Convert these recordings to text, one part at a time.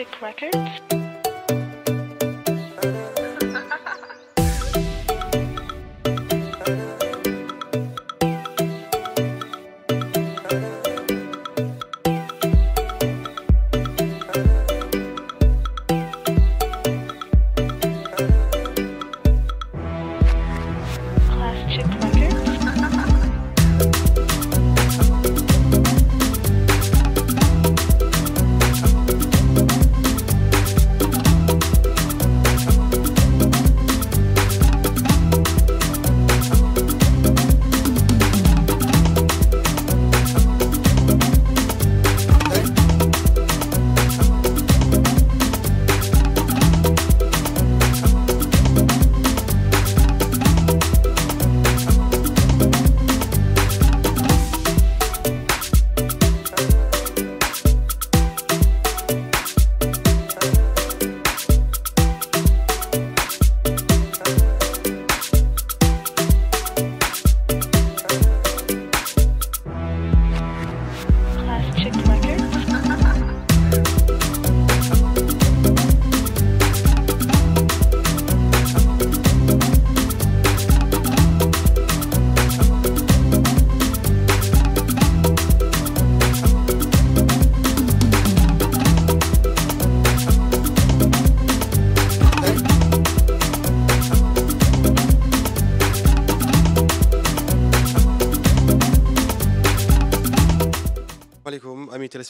Magic Records.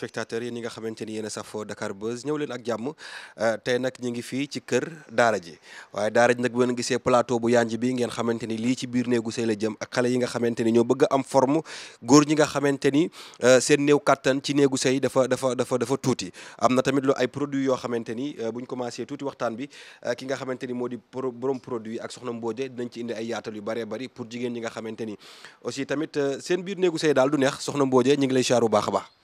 téléspectateurs yi ñi nga xamante ni yéen fo safoo Dakar Buzz ñëw leen ak jàmm euh, tey nag ñu ngi fii ci kër daara ji waaye daara ji nag bu ngeen gisee plateau bu yanj bi ngeen xamante ni lii ci biir néegu sëy la jëm ak xale yi nga xamante ni ñoo bëgg am form góor ñi nga xamante ni euh, seen néew kàttan ci néegu sëy dafa dafa dafa dafa tuuti am na tamit ay produits yoo xamante ni euh, buñ commencé tuuti waxtaan bi ki nga xamante ni moo di borom produit ak soxna Mbodje dinañ ci indi ay yaatal yu bare bari pour jigéen ñi nga xamante ni aussi tamit seen biir néegu sëy daal du neex soxna Mbodje ñu ngi lay xaar bu baax baax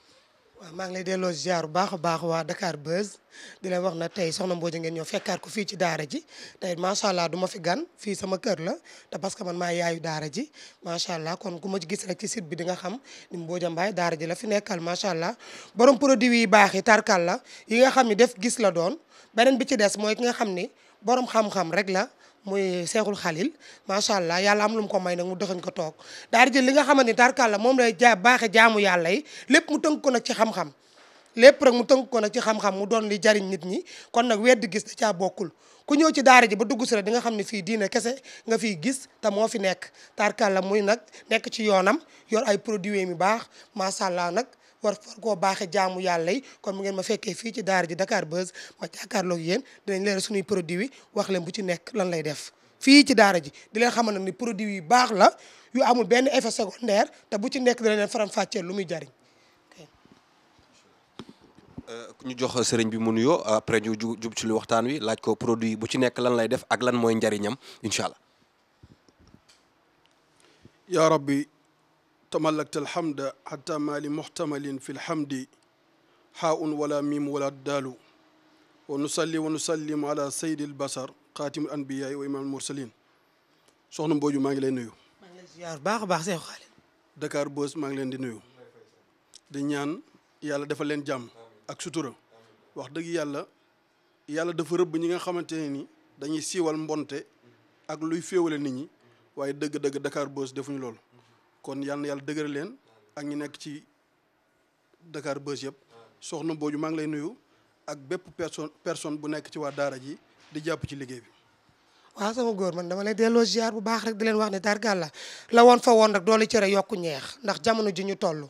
waaw maa ngi lay delloo ziar bu baax a baax waa Dakar Buzz di leen wax na tey soxna mbooja ngeen ñëw fekkaat ko fii ci daara ji tey macha allah duma fi gan fii sama kër la te parce que man maa yaayu daara ji macha allah kon ku ma gis rek ci site bi di nga xam ni Mbodja Mbaye daara ji la fi nekkal macha allah borom produit yi baax yi tarkal la yi nga xam ni def gis la doon beneen bi ci des mooy ki nga xam ni borom xam-xam rek la. muy Seexul Xalil macha allah yàlla am lu mu ko may nag mu dëxañ ko toog daal di li nga xamante ni tarkalla moom lay ja baaxe jaamu yàlla yi lépp mu tënk ko nag ci xam-xam lépp rek mu tënk ko nag ci xam mu doon li jariñ nit ñi kon nag wedd gis da bokkul ku ñëw ci daara ji ba dugg si rek di nga xam ne fii diine kese nga fiy gis te moo fi nekk tarkalla muy nag nekk ci yoonam yor ay produits yu baax macha allah nag war war baaxe jaamu yàlla yi kon mu ngeen ma fekkee fii ci daara ji Dakar Buzz ma jàkkaarloog yéen dinañ leen suñuy produit yi wax leen bu ci nekk lan lay def fii ci daara ji di leen xamal ni produit yu baax la yu amul benn effet secondaire te bu ci nekk dina leen faram fàccee lu muy jariñ ku euh, ñu jox sëriñ bi mu nuyoo après ñu jub ci lu waxtaan wi laaj ko produit bu ci nekk lan lay def ak lan mooy njariñam incha allah tamallakta alhamda hatta ma li muhtamalin fi lhamdi haun wala mim wala daalu wa nusalli wa nusallim ala saydi albasar xaatimul anbiyaay wa imam almursalin soxna Mbooju maa ngi lay nuyu maa ngi lay ziar baax a baax Seex Xaalid Dakar Buzz maa ngi leen di nuyu di ñaan yàlla dafa leen jàmm ak sutura wax dëgg yàlla yàlla dafa rëbb ñi nga xamante ne ni dañuy siiwal mbonte ak luy féewale nit ñi waaye dëgg-dëgg Dakar Buzz defuñu loolu kon yal yàlla dëgëral leen ak ñu nekk ci Dakar Buzz yëpp soxna Mbooju maa ngi lay nuyu ak bépp personne personne bu nekk ci waa daara ji di jàpp ci liggéey bi. waaw sama góor man dama lay delloo ziar bu baax rek di leen wax ne targal la la woon fa woon rek doole cere yokk ñeex ndax jamono ji ñu toll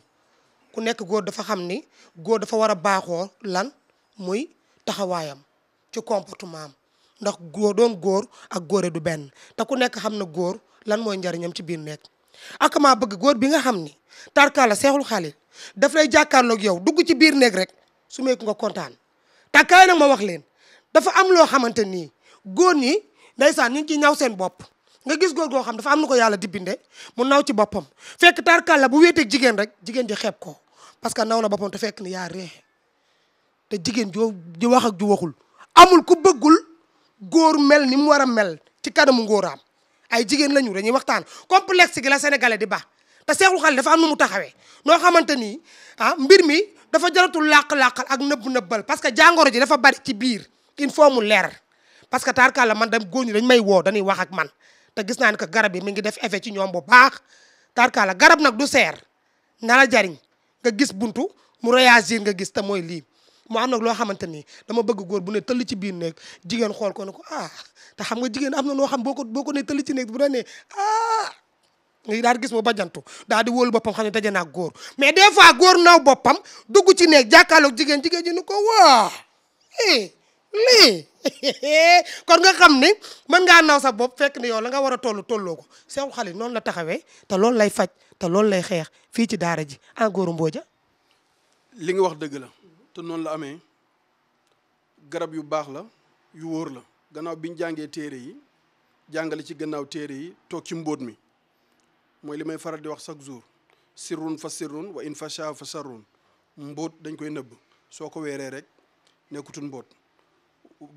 ku nekk góor dafa xam ni góor dafa war a baaxoo lan muy taxawaayam ci comportement am ndax góor doon góor ak góore du benn te ku nekk xam na góor lan mooy njariñam ci biir nekk. ak maa bëgg góor bi nga xam ni tarkaala seexul xaalil daf lay jàkkaarloog yow dugg ci biir néeg rek su meeku nga kontaan tàkkaay nag ma wax leen dafa am loo xamante nii góor ñi ndeysaan ñu ngi ci ñaw seen bopp nga gis goor goo xam dafa am na ko yàlla dibbinde mu naw ci boppam fekk tarkaala bu wéeteeg jigéen rek jigéen ji xeeb ko parce que naw na boppam te fekk ni yaa reexe te jigéen joo di wax ak ju waxul amul ku bëggul góor mel ni mu war a mel ci kanamu ngóoraam ay jigéen lañu dañuy waxtaan complexe gi la sénégalais di baax te seexul xale dafa am nu mu taxawee noo xamante ni ah mbir mi dafa jaratul làq-làqal ak nëbb nëbbal parce que jàngoro ji dafa bari ci biir il faut mu leer parce que taarkaal la man dam góor ñi dañ may woo dañuy wax ak man te gis naa ne que garab yi mi ngi def effet ci ñoom bu baax taarkaal la garab nag du seer na jariñ nga gis buntu mu réagir nga gis te mooy lii mu am nag loo xamante ni dama bëgg góor bu ne tëll ci biir néeg jigéen xool ko ne ko ah te xam nga jigéen am na noo xam boo ko boo ko ne tëll ci néeg bu doon ne ah nga daal gis ma bajantu daal di wóolu boppam xam ne daje naa góor mais des fois góor naw boppam dugg ci néeg jàkkaarloog jigéen jigéen ji ni ko waa eh lii nga xam ni mën ngaa naw sa bopp fekk ni yow la nga war a toll tolloo ko sew xale noonu la taxawee te loolu lay faj te loolu lay xeex fii ci daara ji en góoru mbooja li nga wax dëgg la te noonu la amee garab yu baax la yu wóor la gannaaw bi jàngee téere yi jàngale ci gannaaw téere yi toog ci mbóot mi mooy li may faral di wax chaque jour sirrun fa sirrun wa in fasha fa sarrun mbóot dañ koy nëbb soo ko weeree rek nekkutul mbóot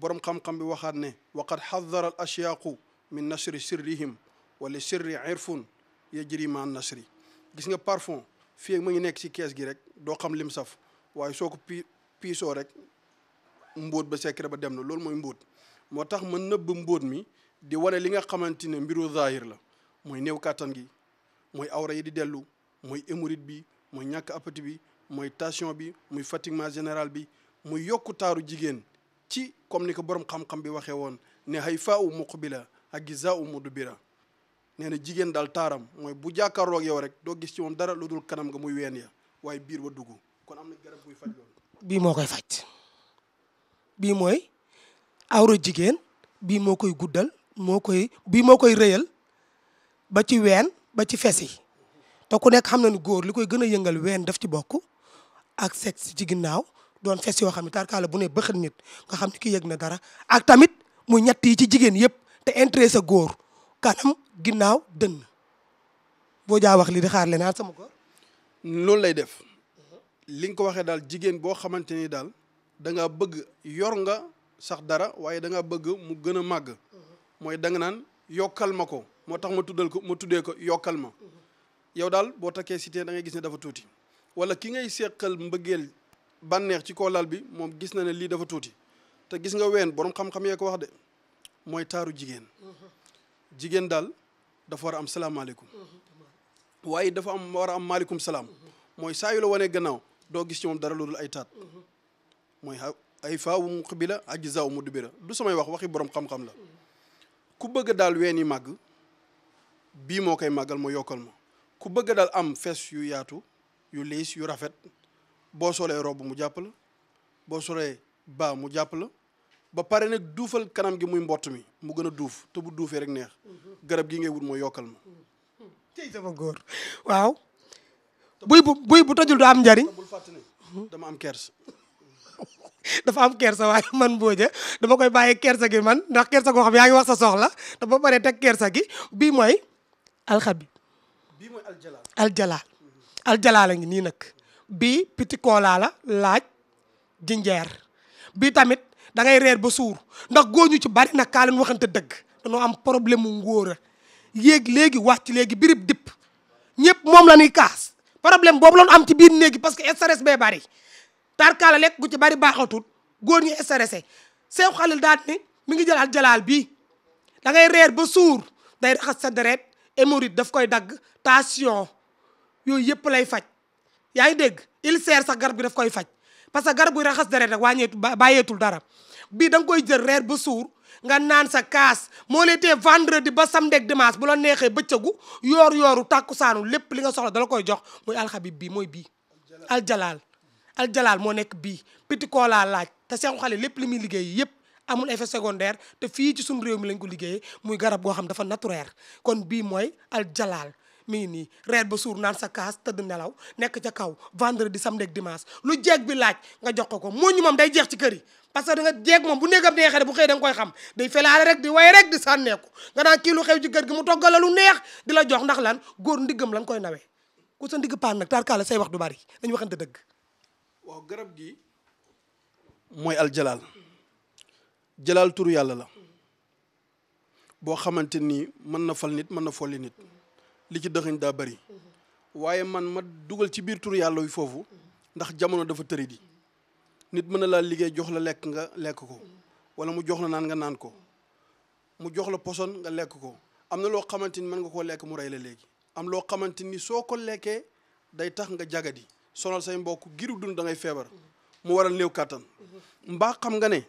boroom xam-xam bi waxaat ne waqad xadara al asyaaqu min nashri sirrihim wala sirri irfun yajri ma nasri gis nga parfum fii ma ngi nekk ci kees gi rek doo xam lim saf waaye soo ko pi piisoo rek mbóot ba secret ba dem na loolu mooy mbóot moo tax ma nëbb mbóot mi di wane li nga xamante ne mbiru zahir la mooy néew kàttan gi mooy awra yi di dellu mooy hémorroïde bi mooy ñàkk appétit bi mooy tension bi muy fatiguement général bi muy yokku taaru jigéen ci comme ni ko borom xam-xam bi waxee woon ne hay fa u muqbila ak gisa u mudbira nee na jigéen daal taaram mooy bu jàkkaarloog yow rek doo gis ci moom dara lu dul kanam nga muy ween ya waaye biir ba dugg kon am garab buy faj loolu. bii moo koy faj bii mooy awra jigéen bii moo koy guddal moo koy bii moo koy rëyal ba ci ween ba ci fes yi te ku nekk xam na nu góor lu koy gën a yëngal ween daf ci bokk ak sexe ci ginnaaw doon fes yoo xam ne tarkaala bu ne bëxët nit nga xam ni ki yëg na dara ak tamit mu ñett ci jigéen yépp te intéressé sa góor kanam ginnaaw dënn boo jaa wax li di xaar leen sama góor loolu lay def li nga ko waxee daal jigéen boo xamante ni daal da nga bëgg yor nga sax dara waaye danga bëgg mu gën a màgg mooy danga naan yokkal ma ko moo tax ma tuddal ko ma tuddee ko yokkal ma yow daal boo takkee cité da ngay gis ne dafa tuuti wala ki ngay seqal mbëggeel bànneex ci laal bi moom gis na ne lii dafa tuuti te gis nga ween borom xam-xam yee ko wax de mooy taaru jigéen jigéen daal dafa war a am salaamaaleykum uhuh. waaye dafa am war am maaleykum salaam uhuh. mooy saa yu la doo gis ci moom dara loolu ay taat mooy ay faawu muqbila ajzaaw mudbira du samay wax waxi borom xam-xam la ku bëgg daal ween màgg bii moo koy màggal ma yokkal ma ku bëgg daal am fees yu yaatu yu liis yu rafet boo solee robb mu jàpp la boo solee baa mu jàpp la ba pare nag duufal kanam gi muy mbott mi mu gën a duuf te bu duufee rek neex mhm. garab gi ngay wut mooy yokkal ma. tey sama góor waaw. buy bu buy bu tojul du am njariñ dama am kersa dafa am kersa waaye man Mbodja dama koy bàyyi kersa gi man ndax kersa goo xam yaa ngi wax sa soxla te ba pare teg kersa gi bii mooy alxabi bii mooy aljalaal aljalaal aljalaal la ngi nii nag bii petit la laaj jinjeer bii tamit dangay reer ba suur ndax góoñu ci bari nag kaa leen waxante dëgg dañoo am problème mu ngóora yéeg léegi ci léegi birib dip ñëpp moom la ñuy kaas problème boobu loon am ci biir néegi parce que stress bee bari tarkaala lekk gu ci bari baaxatul góor ñi stressé sew xalil daat ni mi ngi jëlaal jalaal bi da ngay reer ba suur day raxas sa deret hémorroïde daf koy dagg ta tension yooyu yëpp lay faj yaa ngi dégg ulcère sa garab gi daf koy faj parce que garab gi raxas deret rek wàññeetu bàyyeetul dara bii da nga koy jël reer ba suur nga naan sa kaas moo lay tee vendredi ba samedi ak dimanche bu la neexee bëccëgu yoor yooru saanu lépp li nga soxla dala koy jox muy alxabib bii mooy bii aljalaal aljalaal moo nekk bii petit cola laaj te seexu xale lépp li muy liggéey yëpp amul effet secondaire te fii ci suñu réew mi lañ ko liggéeyee muy garab goo xam dafa naturel kon bii mooy aljalaal mi ngi nii reer ba suur naan sa kaas tëdd nelaw nekk ca kaw vendredi samedi ak dimanche lu jeeg bi laaj nga jox ko ko ñu moom day jeex ci kër yi parce que da jeeg moom bu néegam neexee bu xëy da nga koy xam day felaale rek di way rek di sànneeku nga naan kii lu xew ci kër gi mu toggala lu neex di la jox ndax lan góor ndiggam lan koy nawee ku sa ndigg paan nag tarkaala say wax du bari dañu waxante dëgg waaw garab gi mooy al jalaal turu yàlla la boo xamante ni mën na fal nit mën na folli nit li ci dëxëñ daa bëri waaye man ma dugal ci biir tur yàlla wi foofu ndax jamono dafa tëri di nit mën na laa liggéey jox la lekk nga lekk ko wala mu jox la naan nga naan ko mu jox la poson nga lekk ko am na loo xamante ni mën nga koo lekk mu rey la léegi am loo xamante ni soo ko lekkee day tax nga jagadi sonal say mbokk giru dund da feebar mu waral néew kàttan mbaa xam nga ne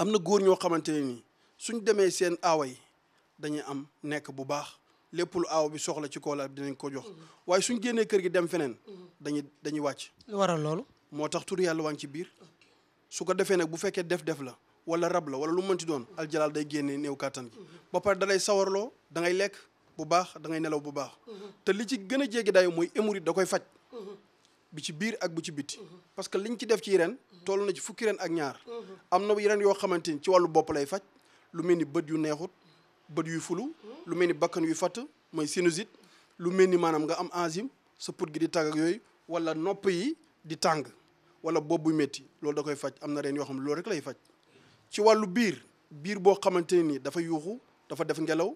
am na góor ñoo xamante ne nii suñ demee seen aawa yi am nekk bu baax lépp lu aaw bi soxla ci Kaolack dinañ ko jox waaye suñ génnee kër gi dem feneen dañuy dañuy wàcc. lu waral loolu. moo tax tur yàlla waa ngi ci biir su ko defee nag bu fekkee def-def la wala rab la wala lu mënti doon aljalaal day génnee néew kàttan gi ba pare da lay sawarloo da lekk bu baax dangay nelaw bu baax te li ci gën a jéggi day mooy hémorroïde da koy faj bi ci biir ak bu ci biti parce que liñ ci def ci ren toll na ci fukki ren ak ñaar am na yeneen yoo xamante ni ci wàllu bopp lay faj lu mel ni bët yu neexut bët yuy fulu lu mel ni bakkan yuy fatt mooy sinusite lu mel ni maanaam nga am enzyme sa put gi di tàgg yooyu wala nopp yi di tàng wala bopp bu métti loolu da koy faj am na reen yoo xam ne loolu rek lay faj ci wàllu biir biir boo xamante ne nii dafa yuuxu dafa def ngelaw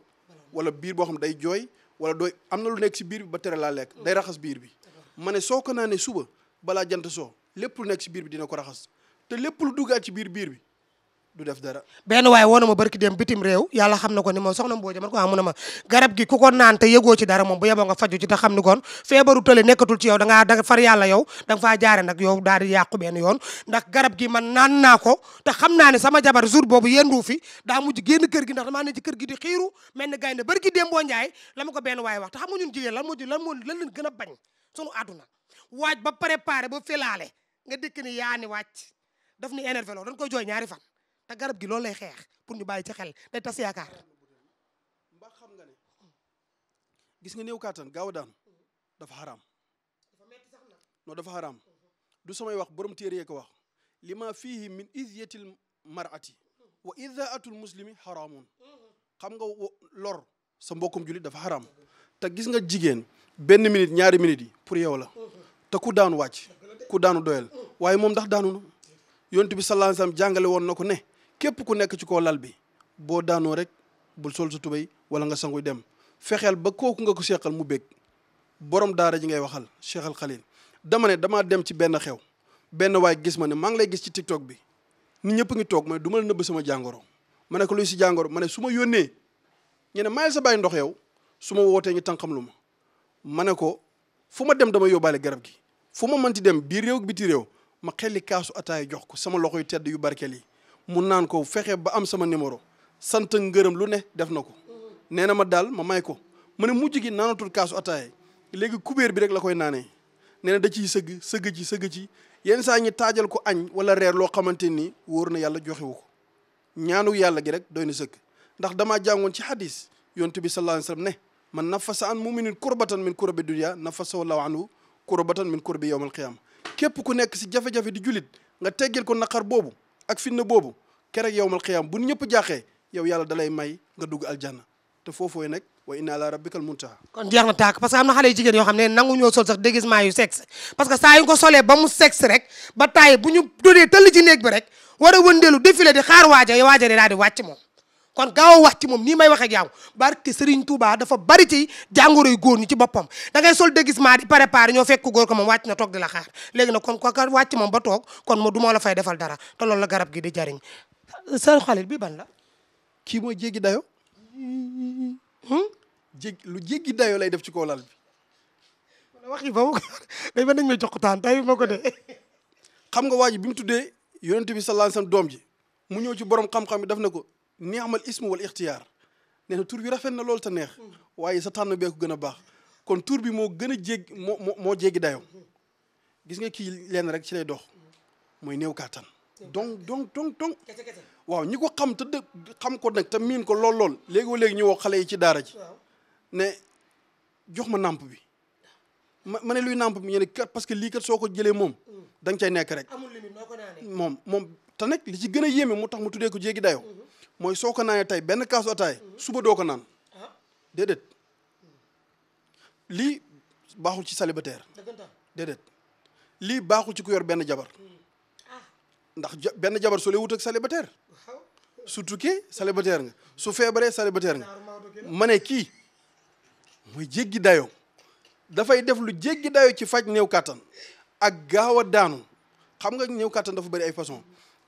wala biir boo xam day jooy wala dooy am na lu nekk ci biir bi ba tere laa lekk day raxas biir bi ma ne soo ko naanee suba balaa jant soo lépp lu nekk ci biir bi dina ko raxas te lépp lu duggaat ci biir biir bi du def dara benn waaye woona ma barki dem bitim réew yàlla xam na ko ni moom soxna Mbodj man ko amu ah na ma garab gi ku ko naan te yëgoo ci dara moom bu yeboo nga faju ci te xam ni kon feebaru tële nekkatul ci yow da ngaa da far yàlla yow da nga faa jaare nag yow daal di yàqu benn yoon ndax garab gi man naan naa ko te xam naa ne sama jabar jour boobu yendu fi daa mujj génn kër gi ndax damaa ne ci kër gi di xiiru mel ni gaynde barki dem boo njaay la ma ko benn waaye wax te xam nga ñun jigéen lan moo lan moo lan leen gën a bañ sunu àdduna waaj ba préparé ba filaale nga dikk ni yaa ni wàcc daf ni énervé loolu dañ koy jooy ñaari fan te garab gi loolu lay xeex pour ñu bàyyi ci xel day tas yaakaar. mbaa xam nga ne gis nga néew kàttan gaaw daan dafa xaraam. non dafa xaraam du samay wax borom téere ko wax li ma fiihi min izyatil mar'ati wa izaatul muslimi xaraamun xam nga lor sa mbokkum jullit dafa xaraam te gis nga jigéen benn minute ñaari minute yi pour yow la te ku daanu wàcc ku daanu doyal waaye moom ndax daanu yoon yonent bi sallallahu alayhi wasallam jàngale woon na ko ne képp ku nekk ci kaw lal bi boo daanoo rek bul sol sa tubéy wala nga sanguy dem fexeel ba kooku nga ko seexal mu bég borom daara ji ngay waxal Cheikh Al dama ne damaa dem ci benn xew benn waay gis ma ne maa ngi lay gis ci tiktok bi nu ñëpp ngi toog ma ne du ma la nëbb sama jàngoro ma ne ko luy si jàngoro ma ne su ma yónnee ñu ne mayel sa bàyyi ndox yow su ma wootee ñu tànqam lu ma ma ne ko fu ma dem dama yóbbaale garab gi fu ma ti dem biir réew bi ti réew ma xelli kaasu ataay jox ko sama loxo yu tedd yu barkeel yi mu naan ko fexe ba am sama numéro sant ngërëm lu ne def na ko nee na ma daal ma may ko ma ne mujj gi naanatul kaasu ataaye léegi kubéer bi rek la koy naanee nee na da ciy sëgg sëgg ci sëgg ci yenn saa ñi taajal ko añ wala reer loo xamante ni wóor na yàlla joxewu ko ñaanu yàlla gi rek doy na sëgg ndax damaa jàngoon ci hadis yonent bi sallallahu alayhi wa sallam ne man nafasa an muminin kurbatan min kurbi dunya nafasa wallahu anhu kurbatan min kurbi yawmal qiyama képp ku nekk si jafe di julit nga teggil ko naqar boobu ak fitna boobu keroog yowmal xiyaam bu ñëpp jaaxee yow yàlla dalay may nga dugg aljanna te foofooy nag wa inna ala rabbikal muntaha kon jeex na tàkk parce que am na xale yu jigéen yoo xam ne nangu ñoo sol sax déguisement yu sexe parce que saa yu ko solee ba mu sexe rek ba taay bu ñu dodee tëll ci néeg bi rek war a wëndeelu défilé di xaar waaja waaja di daal di wàcc mo kon gaaw wax ci moom nii may wax ak yow barke Serigne Touba dafa bari ci jàngoro yu góor ñi ci boppam da ngay sol déguisement di préparé ñoo fekk góor ko moom wàcc na togg di la xaar léegi nag kon ko wàcc moom ba toog kon mo du moo la fay defal dara te loolu la garab gi di jariñ seen xalit bi ban la kii mooy jéggi dayo hmm? jég lu jéggi dayo lay def ci kaw lal bi wax yi ba ma ko day ba nañ ma jox taan xam nga waa ji bi mu tuddee yonent bi sallallahu alayhi doom ji mu ñëw ci borom xam-xam bi daf na ko ni'mal ismu wal ixtiyaar nee na tur bi rafet na loolu te neex waaye sa tànn bee ko gën a baax kon tur bi moo gën a jéggi moo moo moo jéggi dayoo gis nga kii leen rek ci lay dox mooy new kàttan. donc donc donc donc waaw ñi ko xam te dë xam ko nag te miin ko lool lool léegi wa léegi ñu xale yi ci daara ji ne jox ma nàmp bi ma ma ne luy nàmp bi ñu ne kat parce que lii kat soo ko jëlee moom da nga cay nekk rek moom moom te nag li ci gën a yéeme mu tax mu tuddee ko jéggi dayoo mooy soo ko naanee tey benn kaasu ataay suba doo ko naan déedéet lii baaxul ci célibataire déedéet lii baaxul ci ku yor benn jabar ndax benn jabar su lay wut ak célibataire su tukkee célibataire nga su feebaree célibataire nga ma ne kii mooy jéggi dayoo dafay def lu jéggi dayoo ci faj néew kàttan ak gaaw a daanu xam nga néew kàttan dafa bari ay façon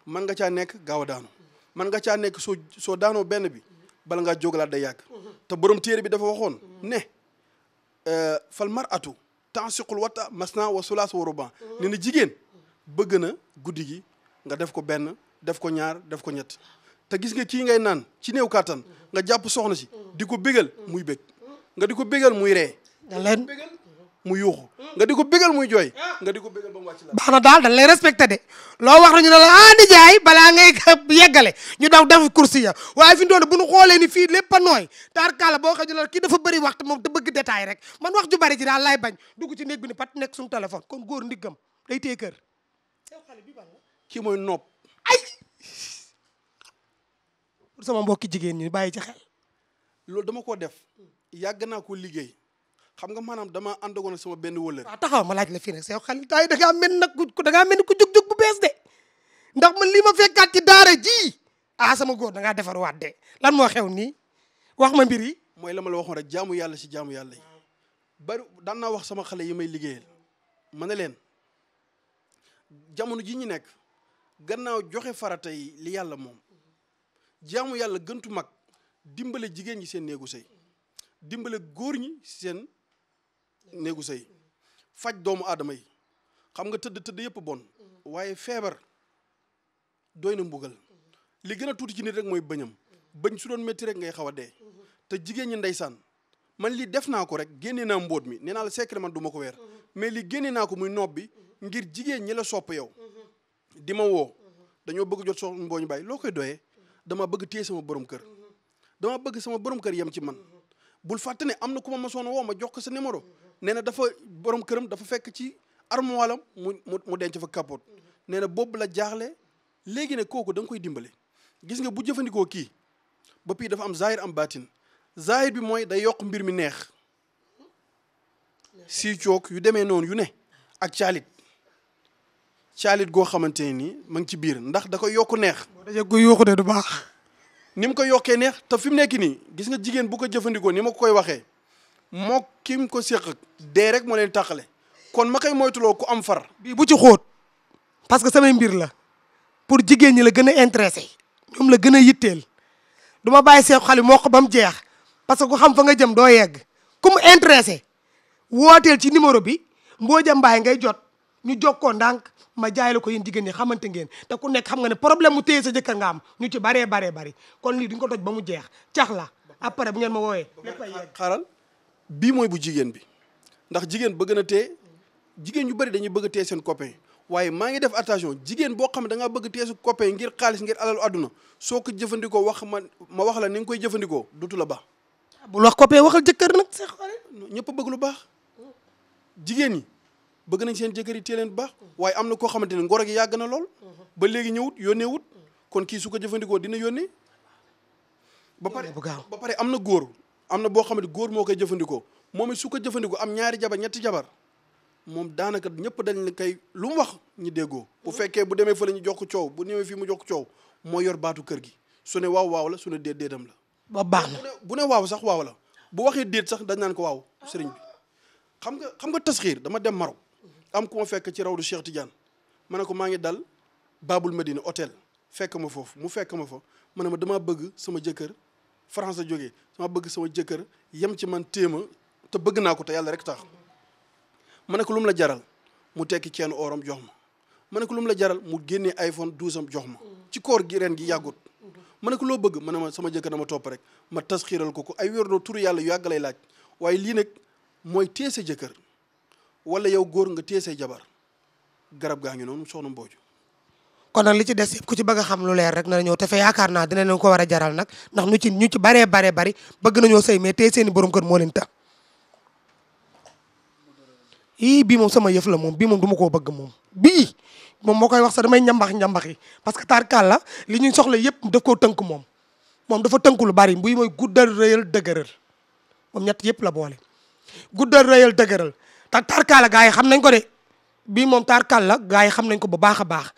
man nga caa nekk gaaw a daanu man nga caa nekk soo soo daanoo benn bi bala ngaa jógalaat da yàgg te borom téere bi dafa waxoon ne euh, fal mar atu tansiqul wata masna wa sulaas wa ruban ne na jigéen bëgg na guddi gi nga def ko benn def ko ñaar def ko ñett te gis nga kii ngay naan ci néew kàttan nga jàpp soxna si di ko bégal muy bég nga di ko bégal muy ree mu yuuxu nga di ko bégal muy jooy nga di ko bégal ba la baax na daal dañ lay respecté de loo wax ñu ne la ah nijaay balaa ngay yeggale ñu daw def kursi ya waaye fi mu doon bu ñu xoolee ni fii lépp a nooy taar kàlla boo xam ne la kii dafa bari waxtu moom te bëgg détail rek man wax ju bëri ji lay bañ dugg ci néeg bi ni pat nekk suñu téléphone kon góor ndiggam day téye kër kii mooy nopp ay pour sama mbokki jigéen ñi bàyyi ci xel loolu dama koo def yàgg naa ko liggéey xam nga maanaam dama àndagoon sama benn wëllër. waaw ah, taxaw ma laaj la fii nag sa yow xale taay da ngaa mel nag ku da ngaa mel ni ku jug-jug bu bees de ndax ma li ma fekkaat ci daara a ah sama góor da defar waat de lan moo xew nii wax ma mbir yi. mooy la ma la waxoon rek jaamu yàlla si jaamu yàlla yi bari daan wax sama xale yi may liggéeyal ma ne leen jamono ji ñu nekk gannaaw joxe farata yi li yàlla moom jaamu yàlla gëntu mag dimbale jigéen ñi seen néegu sëy dimbale góor ñi seen néegu sëy faj doomu aadama yi xam nga tëdd tëdd yëpp bon waaye feebar doy na mbugal li gën a tuuti ci nit rek mooy bëñam bëñ su doon métti rek ngay xaw a dee te jigéen ñi ndeysaan man li def naa ko rek génnee naa mbóot mi nee naa la secret man duma ko weer mais li génnee naa ko muy nopp bi ngir jigéen ñi la sopp yow di ma woo dañoo bëgg jot soo mbooñu bàyyi loo koy doyee dama bëgg téye sama borom kër dama bëgg sama borom kër yem ci man bul fàtte am na ku ma masoon woo ma jox ko sa numéro nee na dafa boroom këram dafa fekk ci armoire am mu mu denc fa capote mm-hmm. nee na boobu la jaaxle léegi ne kooku danga koy dimbale gis nga bu jëfandikoo kii ba pii dafa am zahir am baatin zahir bi mooy day yokk mbir mi neex si cook yu demee noonu yu ne ak caalit caalit goo xamante ne nii ma ngi ci biir ndax da ko yokk neex. boo dajee ko yokku de ni mu ko yokkee neex te fi mu nekk nii gis nga jigéen bu ko jëfandikoo ni ma koy waxee. moo kim ko séq ak dee rek moo leen tàqale kon ma koy moytuloo ku am far bii bu ci xóot parce que samay mbir la pour jigéen ñi la gën a intéressé ñoom la gën a yitteel du ma bàyyi seeku xale moo ko ba mu jeex parce que ku xam fa nga jëm doo yegg ku mu intéressé wooteel ci numéro bi Mbodja Mbaye ngay jot ñu jokkoo ndànk ma jaay la ko yéen jigéen ñi xamante ngeen te ku nekk xam nga ne problème mu téye sa jëkkër nga am ñu ci baree baree bari kon lii du duñ ko doj ba mu jeex cax la après bu ngeen ma wooyee léppay yegg bii mooy bu jigéen bi ndax jigéen bëgg na te jigéen ñu bari dañuy bëgg a tee seen copain waaye maa ngi def attention jigéen boo xam ne da bëgg teesu copain ngir xaalis ngir alalu àdduna soo ko jëfandikoo wax ma ma wax la ni koy jëfandikoo dutu la baax. Ah, bul wax copain jëkkër nag sa xol ñëpp bëgg lu baax jigéen ñi bëgg nañ seen jëkkër yi tee leen baax waaye am na koo xamante ne ngoro gi yàgg na lool ba léegi ñëwut yónnee kon kii su ko jëfandikoo dina yónnee ba pare ba pare am na góor am na boo xam ne góor moo koy jëfandikoo moom it su ko jëfandikoo am ñaari jabar ñetti jabar moom daanaka ñëpp dañ la koy lu mu wax ñu déggoo. bu fekkee bu demee fële ñu jox coow bu ñëwee fii mu jox ko coow moo yor baatu kër gi su ne waaw waaw la su ne déet déetam la. ba baax na bu ne waaw sax waaw la bu waxee déet sax dañ naan ko waaw sëriñ bi xam nga xam nga tasxiir dama dem Maroc am ku ma fekk ci raw rawdu Cheikh Tidiane ma ne ko maa ngi dal Babul Medina hôtel fekk ma foofu mu fekk ma fa ma ne ma damaa bëgg sama jëkkër France la jógee sama bëgg sama jëkkër yem ci man téema te bëgg naa ko te yàlla rek tax ma ne ko lu la jaral mu tekki ceenu oram jox ma ma ne ko la jaral mu génnee iPhone 12 am jox ma ci koor gi reen gi yàggut ma ne ko loo bëgg ma ne ma sama jëkkër dama topp rek ma tas xiiral ko ko ay wérdoo turu yàlla yu yàgg lay laaj waaye lii nag mooy téye sa jëkkër wala yow góor nga téye say jabar garab gaa ngi noonu soxna Mbodj kon nag li ci des yëpp ku ci bëgg xam lu leer rek na ñëw te fe yaakaar naa dina leen ko war a jaral nag ndax ñu ci ñu ci baree baree bari bëgg nañoo sëy mais tey seeni borom kër moo bii moom sama yëf la moom bii moom du koo bëgg moom bii moom moo koy wax sax damay ñambax ñambax yi parce que taarkaal la li ñuy soxla yëpp daf koo tënk moom moom dafa tënk lu bari buy mooy guddal rëyal dëgëral moom ñett yëpp la boole guddal rëyal dëgëral tax taarkaal la gaa yi xam nañ ko de bii moom taarkaal la yi xam nañ ko bu baax a baax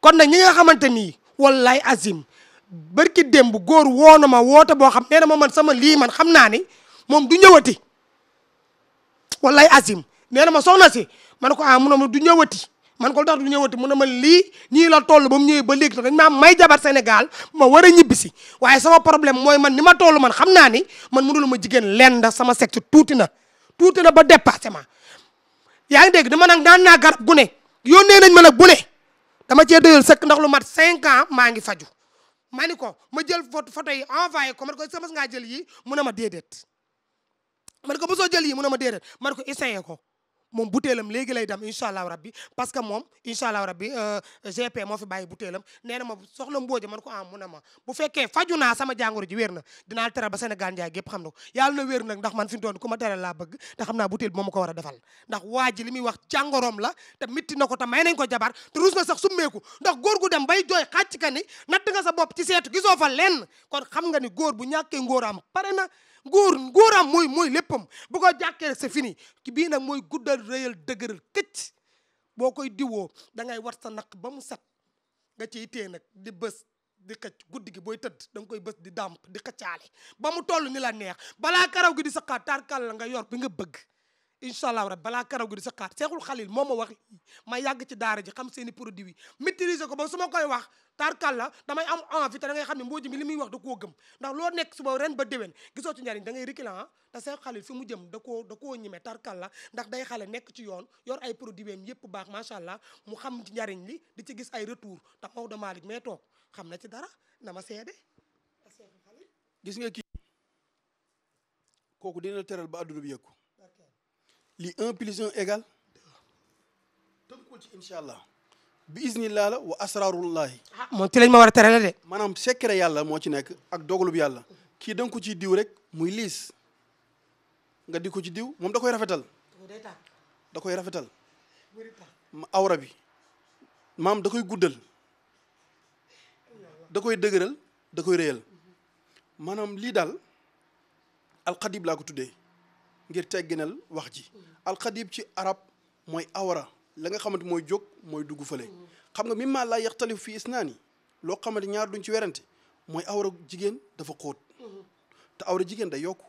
kon nag ñi nga xamante ni wallaay azim barki démb góor woo na ma woote boo xam nee na ma man sama lii man xam naa ni moom du ñëwati wallaay azim nee na ma soxna si man ko ah mu ne ma du ñëwati man ko tax du ñëwati mu ne man lii nii la toll ba mu ñëwee ba léegi dañ maa may jabar Sénégal ma war a ñibbi waaye sama problème mooy man ni ma toll man xam naa ni man mënul ma jigéen lenn sama sexe tuuti na tuuti na ba dépassé ma yaa ngi dégg dama nag naan naa garab gu ne nañ ma nag bu ne dama cee doyal sëkk ndax lu mat 5 ans maa ngi faju ma ni ko ma jël photo yi envoyé ko ma ne ko sama ngaa jël yi mu ne ma déedéet ma ne ko mosoo jël yi mu na ma déedéet ma ne ko essayé ko moom butéelam léegi lay dem incha allahu rabbi parce que moom incha allahu rabbi euh, GP moo fi bàyyi butéelam nee na ma soxla mbooja man ko am ah, mu ne ma bu fekkee faju naa sama jàngoro ji wér na dinaa teral ba Sénégal njaay gépp xam na ko yàlla na wér nag ndax man fi mu toon ma teral laa bëgg te xam naa butéel moom ma ko war a defal ndax waa ji li muy wax jàngoroom la te mitti na ko te may nañ ko jabar te ruus na sax summeeku ndax góor gu dem bay jooy xàcc ka ni natt nga sa bopp ci seetu gisoo fa lenn kon xam nga ni góor bu ñàkkee ngóor am pare na nguur nguuram mooy mooy léppam bu ko jàkkee sa fini ki bii nag mooy guddal rëyal dëgëral këcc boo koy diwoo da ngay war sa naq ba mu set nga ciy téye nag di bës di xëcc guddi gi booy tëdd da koy bës di dàmp di xëccaale ba mu toll ni la neex balaa karaw gi di sa xaar tarkal la nga yor bi nga bëgg incha allah rab balaa karaw gi di sa xaat seexul xalil moom ma wax ma yàgg ci daar ji xam seeni produit yi maîtriser ko ba su ma koy wax tarkal la damay am envie te da ngay xam ne mbooji mi li muy wax da koo gëm ndax loo nekk suba ren ba déwén gisoo ci njariñ da ngay reculer ah te seexul xalil fi mu jëm da koo da koo ñime tarkal la ndax day xale nekk ci yoon yor ay produit am yëpp baax macha allah mu xam ci njariñ li di ci gis ay retour te da Malick mais toog xam na ci dara na ma nga kii kooku dina teral ba adduna lii un plus un égal tënk ko ci incha allah bi iznillah la wa asrarullahi ah, moom ci lañ ma war a tere la de maanaam secret yàlla moo ci nekk ak dogalub yàlla kii da nga ko ciy diw rek muy liis nga di ko ci diw moom da koy rafetal da koy rafetal awra bi maam da koy guddal da koy dëgëral da koy réyal maanaam lii daal alxadib laa ko tuddee ngir tegginal wax ji alxadib ci arab mooy awra la nga xamante mooy jóg mooy dugg fële xam nga mimma laa yaxtalifu fi isnaani loo xamante ñaar duñ ci werante mooy awra jigéen dafa xóot te awra jigéen day yokku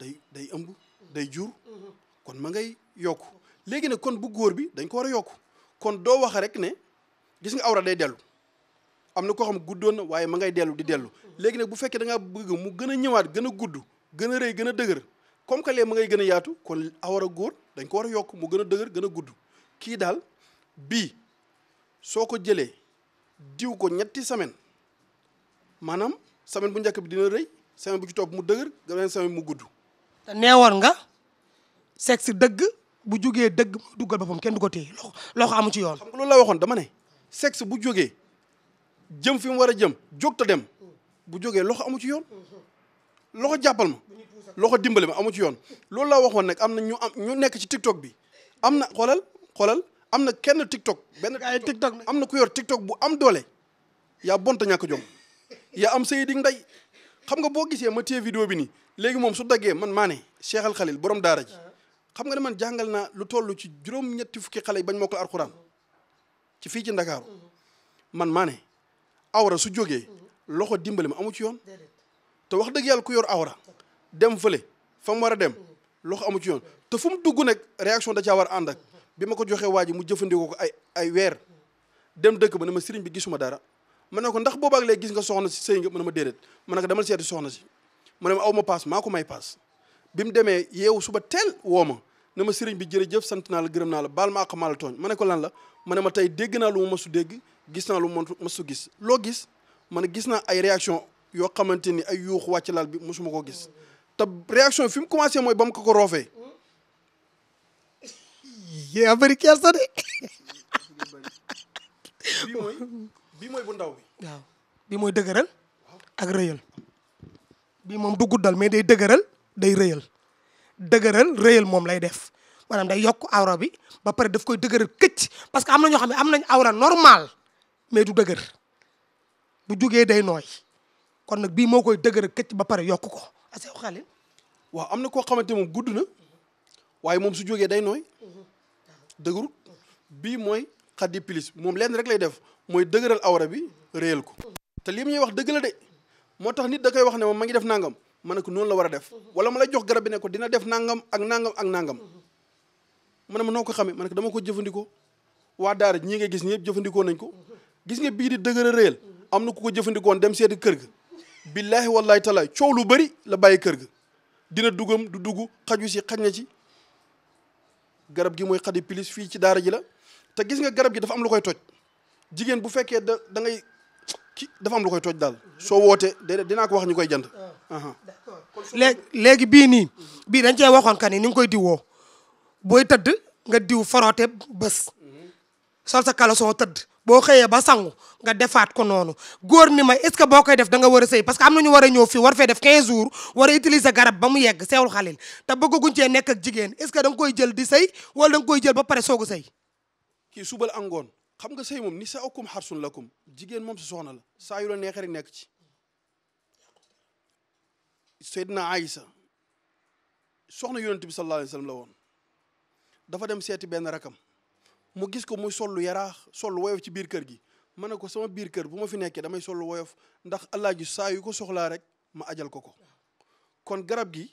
day day ëmb day jur kon ma ngay yokk léegi nag kon bu góor bi dañ ko war a yokk kon doo wax rek ne gis nga awra day dellu am na koo xam guddoon na waaye ma ngay dellu di dellu léegi nag bu fekkee da ngaa bëgg mu gën a ñëwaat gën a gudd gën a rëy gën a dëgër comme que lee ma ngay gën a yaatu kon awar a góor dañ ko war a yokk mu gën a dëgër gën a gudd kii daal bii soo ko jëlee diw ko ñetti semaine maanaam semaine bu njëkk bi dina rëy semaine bu ci topp mu dëgër beneen semaine mu gudd. te neewoon nga sexe dëgg bu jógee dëgg mu duggal boppam kenn du ko téye loxo loxo amu ci yoon. xam nga loolu la waxoon dama ne sexe bu jógee jëm fi mu war a jëm jóg te dem bu jógee loxo amu ci yoon. loxo jàppal ma loxo dimbale ma amu ci yoon loolu laa waxoon nag am na ñu am ñu nekk ci tiktok bi am na xoolal xoolal am na kenn tiktok benn tiktok am na ku yor tiktok bu am doole yaa bonta ñàkk jom yaa am saydi nday xam nga boo gisee ma téye vidéo bi nii léegi moom su daggee man maa ne Cheikh Al Khalil borom daara ji xam nga ne man jàngal na lu tollu ci juróom-ñetti fukki xale yi bañ mokkal alxuraan ci fii ci Ndakaaru man maa ne awra su jógee loxo dimbali ma amu ci yoon te wax dëgg yàlla ku yor awra dem fële fa mu war a dem loo loxo amu ci yoon te fu mu dugg nag réaction da caa war ànd ak bi ma ko joxee waa ji mu jëfandikoo ko ay ay weer dem dëkk ma ne ma sëriñ bi gisuma dara ma ne ko ndax boobaak léegi gis nga soxna si sëy nga ma ne ma déedéet ma ne ko soxna si ma ne ma aw ma paas maa ko may paas bi mu demee yeewu suba teel woo ma ne ma sëriñ bi jëf sant naa la gërëm naa la baal ma àq maa la tooñ ma ne ko lan la ma ne ma tey dégg naa lu ma masu dégg gis naa lu ma masu gis loo gis ma ne gis naa ay réaction yoo xamante ni ay yuux wàcc laal bi mosuma ko gis te réaction fi mu commencé mooy ba ko ko roofee. yaa bëri kersa de. bii mooy bu ndaw bi. bi mooy dëgëral ak rëyal bii moom du guddal mais day dëgëral day rëyal dëgëral rëyal moom lay def maanaam day yokk awra bi ba pare daf koy dëgëral këcc parce que am na ñoo xam ne am nañ awra normal mais du dëgër bu jugee day nooy. kon nag bii moo koy dëgër këcc ba pare yokk ko asew xaalin am na koo xamante moom gudd na waaye moom su jógee day nooy dëgërut bii mooy xaddi pilis moom leen rek lay def mooy dëgëral awra bi réyal ko te lii mu ñuy wax dëgg de moo tax nit da koy wax ne moom ma ngi def nangam ma ne noonu la war a def wala ma lay jox garab bi ne dina def nangam ak nangam ak nangam ma ne ma noo ko xamee ma ne ko dama ko jëfandikoo waa daara ñii nga gis ñëpp jëfandikoo nañ ko gis nga bii di dëgër am na ku ko jëfandikoon dem seeti kër ga billahi wallahi talaay coow lu bari la bàyyi kër ga dina dugam du dugg xaju si xaj na ci garab gi mooy xadi pilis fii ci daara ji la te gis nga garab gi dafa am lu koy toj jigéen bu fekkee da da ngay ki lu koy toj daal soo wootee déedéet dinaa ko wax ñu koy jënd. Ah. léegi léegi bii nii bii dañ cee waxoon ka ni ni nga koy diwoo booy tëdd nga diw foroote bés. Mhm. sol sa caleçon tëdd boo xëyee ba sangu nga defaat ko noonu góor ni ma est-ce que boo koy def da nga war a sëy parce que am na ñu war a ñëw fii war fee def 15 jours war a utiliser garab ba mu yegg seewul xalil te bëggaguñ cee nekk ak jigéen est-ce que da nga koy jël di sëy wala da koy jël ba pare soog a sëy kii subal angoon xam nga sëy moom ni sa akum xarsun lakum jigéen moom sa soxna la saa yu la neexee rek nekk ci Seydina Aïssa soxna yonent bi sallallahu alayhi wa sallam la woon dafa dem seeti benn rakam mu gis ko muy sollu yaraax sollu woyof ci biir kër gi ma ne ko sama biir kër bu ma fi nekkee damay sollu woyof ndax alaaji saa yu ko soxlaa rek ma ajal ko ko kon garab gi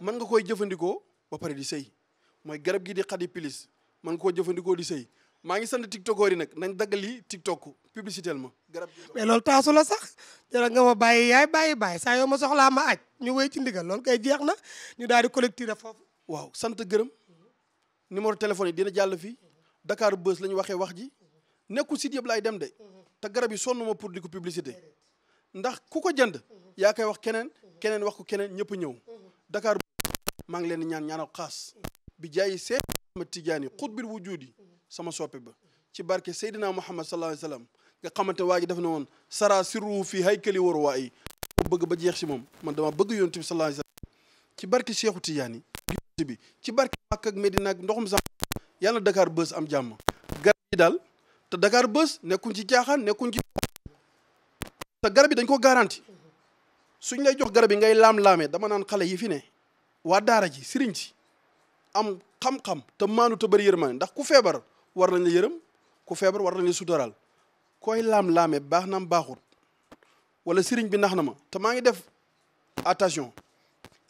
mën nga koy jëfandikoo ba pare di sëy mooy garab gi di xadi pilis mën koo jëfandikoo di sëy maa ngi sant tiktokoor yi nag nañ daggali tiktok publicité ma garab gi mais loolu taasu la sax jara nga ma bàyyi yaay bàyyi bàyyi saa yoo ma soxlaa ma aj ñu wéy ci ndigal loolu kay jeex na ñu daal di collecté foofu waaw sant gërëm numéro téléphone yi dina jàll fi Dakar Buzz la ñu waxee wax ji nekku site yëpp laay dem de te garab yi sonnu ma pour di ko publicité ndax ku ko jand yaa koy wax keneen keneen wax ko keneen ñëpp ñëw Dakar maa ngi leen di ñaan ñaanal xaas bi jaayi seet ma tijaani xutbil wujudi sama soppe ba ci barke Seydina Muhammad sallallahu alayhi wasallam nga xamante waa ji def na woon sara sirru fii haykali waru waa yi bëgg ba jeex si moom man dama bëgg yonent bi sallallahu alayhi ci barke Seexu Tijaani bi ci barke Makka ak Medina ak ndoxum sam yàlla Dakar Buzz am jàmm garab yi daal te Dakar bës nekkuñ ci caaxaan nekkuñ ci te garab yi dañ ko garanti suñ lay jox garab yi ngay laam-laamee dama naan xale yi fi ne waa daara ji sëriñ ci am xam-xam te maanu te bëri yërmande ndax ku feebar war nañ la yërëm ku feebar war nañ la sutural koy laam-laamee baax na am baaxul wala sëriñ bi nax na ma te maa ngi def attention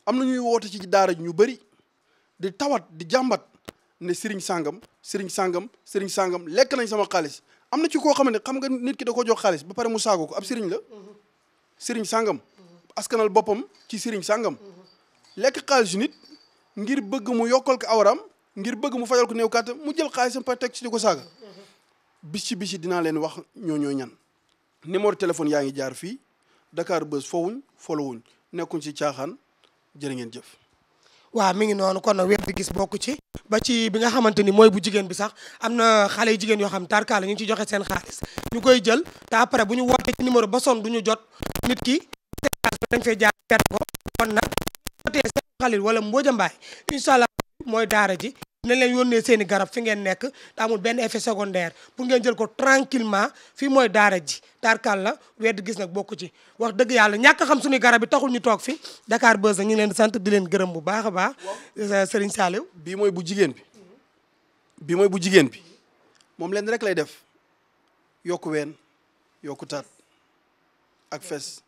am na ñuy woote ci daara ji ñu bari di tawat di jàmbat ne sëriñ sàngam sëriñ sàngam sëriñ sàngam lekk nañ sama xaalis am na ci koo xam ne xam nga nit ki da ko jox xaalis ba pare mu saago ko ab sëriñ la sëriñ sàngam askanal boppam ci sëriñ sàngam lekk xaalis nit ngir bëgg mu yokkal ko awraam ngir bëgg mu fayal ko new kàttan mu jël xaalisam pare teg ci ko saaga bis ci bis dinaa leen wax ñoo ñoo ñan numéro téléphone yaa ngi jaar fii Dakar Buzz fowuñ folowuñ nekkuñ ci caaxaan jërë ngeen jëf waaw mi ngi noonu kon nag wedd gis bokk ci ba ci bi nga xamante ni mooy bu jigéen bi sax am na xale yu jigéen yoo xam tarkaal la ñu ci joxe seen xaalis ñu koy jël te après bu ñu wootee ci numéro ba son du ñu jot nit ki dañ fay jaar perte ko kon nag wootee seen xalil wala mbooja mbaay incha allah mooy daara ji nañ leen yónnee seen i garab fi ngeen nekk te amul benn effet secondaire pour ngeen jël ko tranquillement fi mooy daara ji tarkal la wedd gis nag bokku ci wax dëgg yàlla ñàkk xam suñuy garab yi taxul ñu toog fi Dakar Buzz ñu leen di sant di leen gërëm bu baax a baax euh, Serigne Saliou bii mooy bu jigéen bi bi mooy bu jigéen bi moom leen rek lay def yokku ween yokku taat ak fes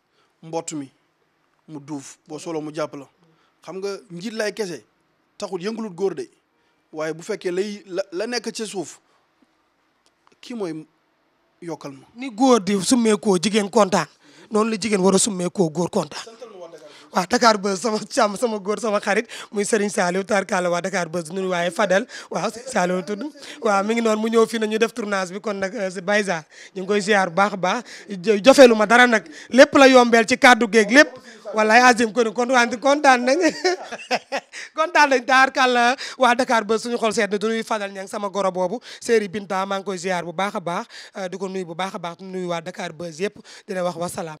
mbott mi mu duuf boo solo mu jàpp la xam nga njiit lay kese taxul yëngulut góor de waaye bu fekkee lay la la nekk ci suuf kii mooy yokkal ma. ni góor di summeekoo jigéen kontaan noonu la jigéen war a summeekoo góor kontaan. waa Dakar Buzz sama càmm sama góor sama xarit muy Serigne Saliou tarkala waa Dakar Buzz nuyu waaye fadal waa Serigne Saliou tudd waaw mi ngi noonu mu ñëw fii na ñu def tournage bi kon nag euh, Bayza ñu ngi koy ziar bu baax a baax jofelu ma dara nag lépp la yombeel ci kàddu geeg lépp wallaay azim ko ni kontaan kontaan kontaan nañ taar kàlla waa Dakar suñu xol seet na du nuyu Fadal sama goro boobu séeri Binta maa ngi koy ziar bu baax a baax euh, di ko nuyu bu baax a baax nuyu waa Dakar Buzz yëpp dina wax wasalaam